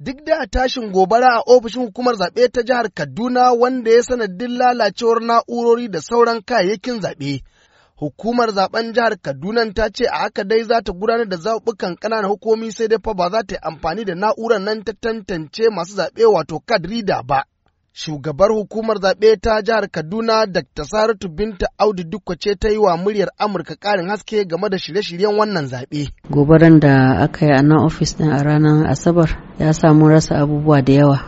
duk da tashin gobara a ofishin hukumar zaɓe ta jihar Kaduna wanda ya sanadin lalacewar na'urori da sauran kayayyakin zaɓe. Hukumar zaben jihar Kaduna ta ce a haka dai za ta gudanar da zaɓukan ƙananan hukumomi sai dai fa ba za ta yi amfani da na'urar nan ta tantance masu zaɓe wato card reader ba. Shugabar hukumar zaɓe ta jihar Kaduna Dr. Saratu Binta Audu Dukwa ce ta yi wa muryar Amurka ƙarin haske game da shirye-shiryen wannan zaɓe. Gobaran da aka yi a nan ofis ɗin a ranar Asabar ya samu rasa abubuwa da yawa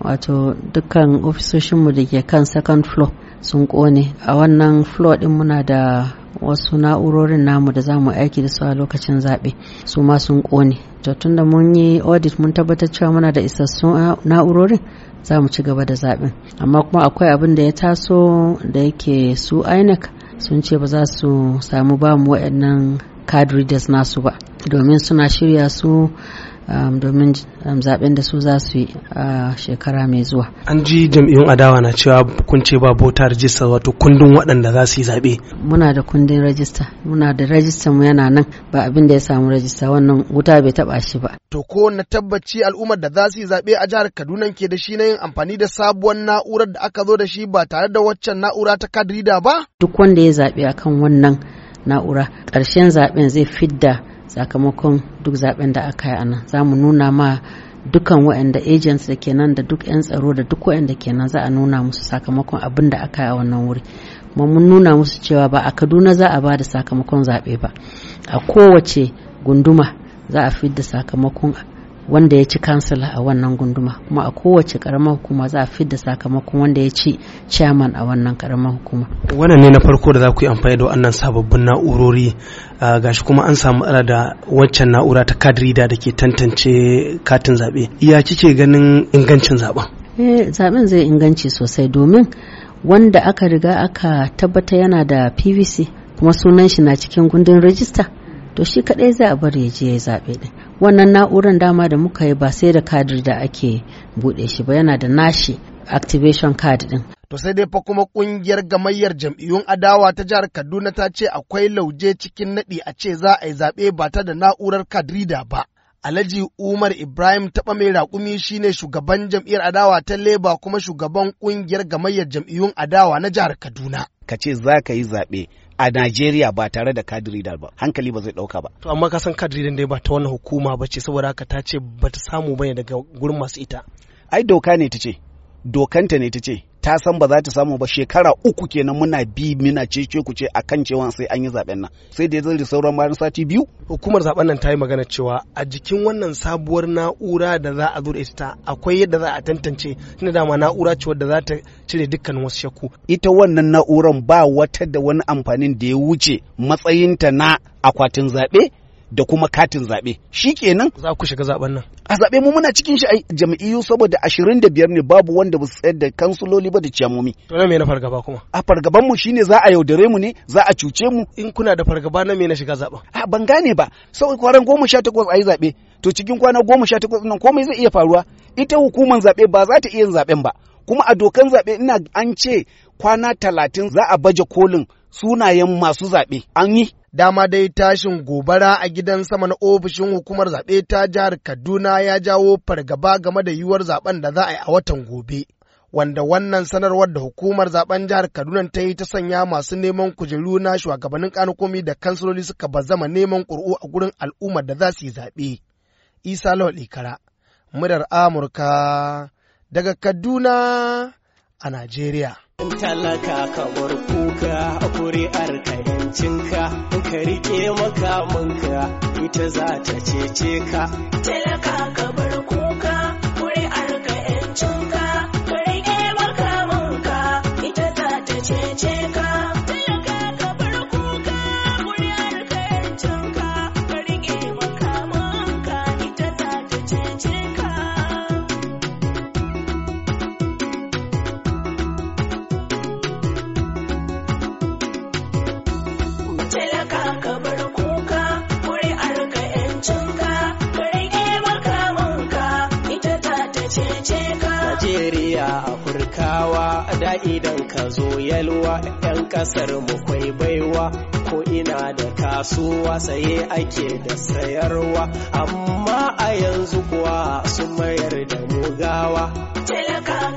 wato dukkan ofisoshinmu da ke kan second floor sun kone a wannan floor din muna da wasu na'urorin namu da za mu aiki da su a lokacin zaɓe su ma sun kone to tunda mun yi audit mun tabbatar cewa muna da isassun na'urorin za mu ci gaba da zaɓen amma kuma akwai abin da ya taso da yake su inec sun ce ba za su samu ba mu waɗannan card readers nasu ba domin suna shirya su um, domin um, zaben da su za su yi a shekara mai zuwa. An ji jam'iyyun adawa na cewa kun ce ba bota rajista wato kundin waɗanda za su yi zaɓe. Muna da kundin rajista, muna da rajista mu yana nan ba abin da ya samu rajista wannan wuta bai taba shi ba. To ko na tabbaci al'ummar da za su yi zaɓe a jihar Kaduna ke da shi na yin amfani da sabuwar na'urar da aka zo da shi ba tare da waccan na'ura ta kadrida ba? Duk wanda ya zaɓe akan wannan na'ura ƙarshen zaben zai fidda sakamakon duk zaben da aka yi a nan za mu nuna ma dukan waɗanda agents da ke nan da duk 'yan tsaro da duk waɗanda ke nan za a nuna musu sakamakon abin da aka yi a wannan wuri kuma mun nuna musu cewa ba a kaduna za a ba da sakamakon zaɓe ba a kowace gunduma za a fidda sakamakon wanda ya ci kansila a wannan gunduma kuma a kowace karamar hukuma za a fidda sakamakon wanda ya ci chairman a wannan karamar hukuma wannan ne na farko da za ku yi amfani da wannan sababbin na'urori gashi kuma an samu ala da waccan na'ura ta card reader da ke tantance katin zaɓe iya kike ganin ingancin zaɓen eh zaɓen zai inganci sosai domin wanda aka riga aka tabbata yana da pvc kuma sunan shi na cikin gundun rajista to shi kadai zai a bari ya je ya zaɓe din wannan na'urar dama da muka yi ba sai da kadir da ake buɗe shi ba yana da nashi activation card ɗin. To sai dai fa kuma kungiyar gamayyar jam'iyyun adawa ta jihar Kaduna ta ce akwai lauje cikin naɗi a ce za a yi zaɓe ba ta da na'urar kadrida ba. Alhaji Umar Ibrahim taɓa mai raƙumi shine shugaban jam'iyyar adawa ta Leba kuma shugaban kungiyar gamayyar jam'iyyun adawa na jihar Kaduna. Ka ce za ka yi zaɓe a Najeriya ba tare da kadridal ba hankali ba zai dauka ba to amma ka san din dai ba ta wannan hukuma ba ce saboda haka ta ce ba ta samu bane daga gurin masu ita ai doka ne ta ce dokanta ne ta ce ta san ba za ta samu ba shekara uku kenan muna bi muna ce ku ce a kan cewa sai an yi zaɓen nan sai da zai sauran bayan sati biyu hukumar zaben nan ta yi magana cewa a jikin wannan sabuwar na'ura da za a zo da ita akwai yadda za a tantance tunda dama na'ura ce wadda za ta cire dukkan wasu shakku ita wannan na'uran ba wata da wani amfanin da ya wuce matsayinta na akwatin zaɓe da kuma katin zaɓe shi kenan za ku shiga zaben nan a zaɓe mu muna cikin shi a jam'iyyu saboda ashirin da biyar ne babu wanda ba su tsayar da kansuloli ba da ciyamomi to na me na fargaba kuma a fargaban mu shine za a yaudare mu ne za a cuce mu in kuna da fargaba na me na shiga zaben a ban gane ba sau kwaran goma sha takwas a yi zaɓe to cikin kwana goma sha takwas nan komai zai iya faruwa ita hukumar zaɓe ba za ta iya yin zaɓen ba kuma a dokan zaɓe ina an ce kwana talatin za a baje kolin sunayen masu zaɓe an yi dama dai tashin gobara a gidan sama na ofishin hukumar zaɓe ta jihar kaduna ya jawo fargaba game da yiwuwar zaɓen da za a yi a watan gobe wanda wannan sanarwar da hukumar zaɓen jihar kaduna ta yi ta sanya masu neman kujeru na shugabannin kanukomi da kansiloli suka bazama neman ƙuri'u a gurin al'ummar da za su yi zaɓe isa lawal ikara murar amurka daga Kaduna a Najeriya. talaka ka bar kuka a kuri'ar ka yancinka in ka rike makamanka ita za ta cece ka. Talaka ka bar kuka Najeriya Afirkawa da idan ka zo yalwa 'yan kasar mu kwai baiwa ko ina da kasuwa saye ake da sayarwa amma a yanzu kuwa su mayar da mugawa.